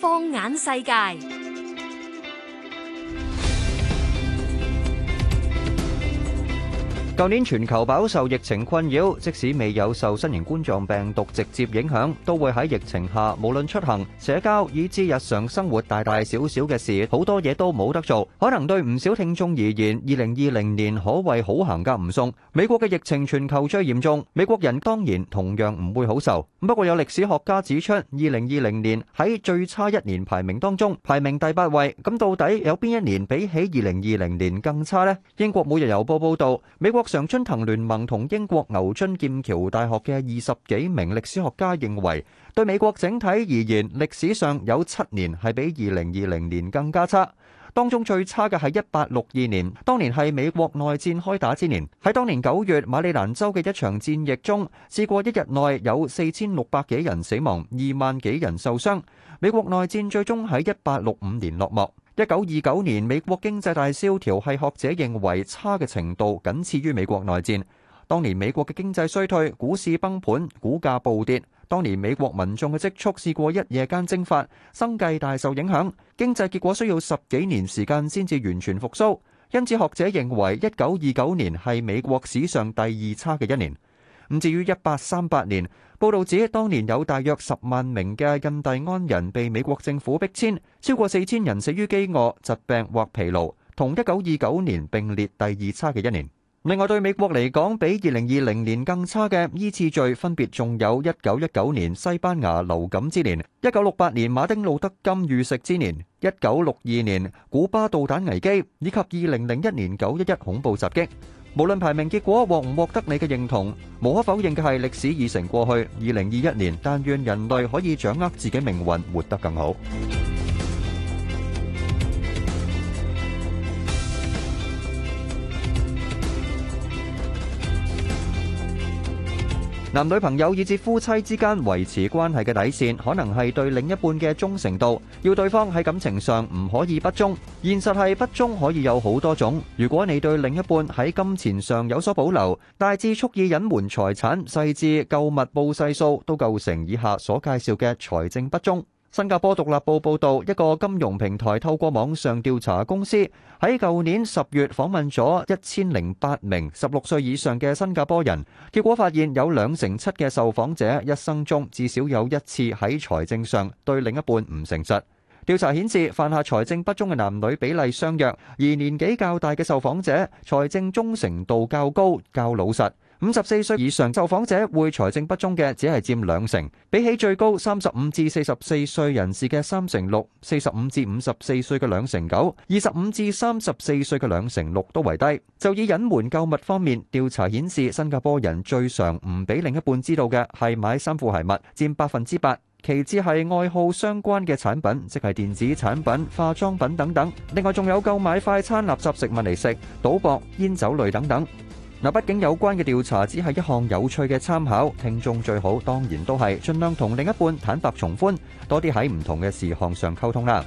放眼世界。舊年全球飽受疫情困擾，即使未有受新型冠狀病毒直接影響，都會喺疫情下，無論出行、社交以至日常生活，大大小小嘅事，好多嘢都冇得做。可能對唔少聽眾而言，2020年可謂好行架唔送。美國嘅疫情全球最嚴重，美國人當然同樣唔會好受。不過有歷史學家指出，2020年喺最差一年排名當中排名第八位。咁到底有邊一年比起2020年更差呢？英國每日郵報報導，美國。常春藤聯盟同英國牛津劍橋大學嘅二十幾名歷史學家認為，對美國整體而言，歷史上有七年係比二零二零年更加差。當中最差嘅係一八六二年，當年係美國內戰開打之年。喺當年九月，馬里蘭州嘅一場戰役中，試過一日內有四千六百幾人死亡，二萬幾人受傷。美國內戰最終喺一八六五年落幕。一九二九年美國經濟大蕭條係學者認為差嘅程度僅次於美國內戰。當年美國嘅經濟衰退，股市崩盤，股價暴跌。當年美國民眾嘅積蓄試過一夜間蒸發，生計大受影響。經濟結果需要十幾年時間先至完全復甦，因此學者認為一九二九年係美國史上第二差嘅一年。至於一八三八年，報道指當年有大約十萬名嘅印第安人被美國政府逼遷，超過四千人死於飢餓、疾病或疲勞，同一九二九年並列第二差嘅一年。另外對美國嚟講，比二零二零年更差嘅依次序分別仲有一九一九年西班牙流感之年、一九六八年馬丁路德金遇刺之年、一九六二年古巴導彈危機以及二零零一年九一一恐怖襲擊。無論排名結果獲唔獲得你嘅認同，無可否認嘅係歷史已成過去。二零二一年，但願人類可以掌握自己命運，活得更好。男女朋友以至夫妻之間維持關係嘅底線，可能係對另一半嘅忠誠度，要對方喺感情上唔可以不忠。現實係不忠可以有好多種，如果你對另一半喺金錢上有所保留，大至蓄意隱瞞財產，細至購物報細數，都構成以下所介紹嘅財政不忠。新加坡獨立報報導，一個金融平台透過網上調查公司喺舊年十月訪問咗一千零八名十六歲以上嘅新加坡人，結果發現有兩成七嘅受訪者一生中至少有一次喺財政上對另一半唔誠實。調查顯示，犯下財政不忠嘅男女比例相若，而年紀較大嘅受訪者財政忠誠度較高，較老實。五十四歲以上受訪者會財政不忠嘅，只係佔兩成。比起最高三十五至四十四歲人士嘅三成六，四十五至五十四歲嘅兩成九，二十五至三十四歲嘅兩成六都為低。就以隱瞞購物方面，調查顯示新加坡人最常唔俾另一半知道嘅係買衫褲鞋襪，佔百分之八。其次係愛好相關嘅產品，即係電子產品、化妝品等等。另外仲有購買快餐、垃圾食物嚟食、賭博、煙酒類等等。嗱，畢竟有關嘅調查只係一項有趣嘅參考，聽眾最好當然都係盡量同另一半坦白從寬，多啲喺唔同嘅事項上溝通啦。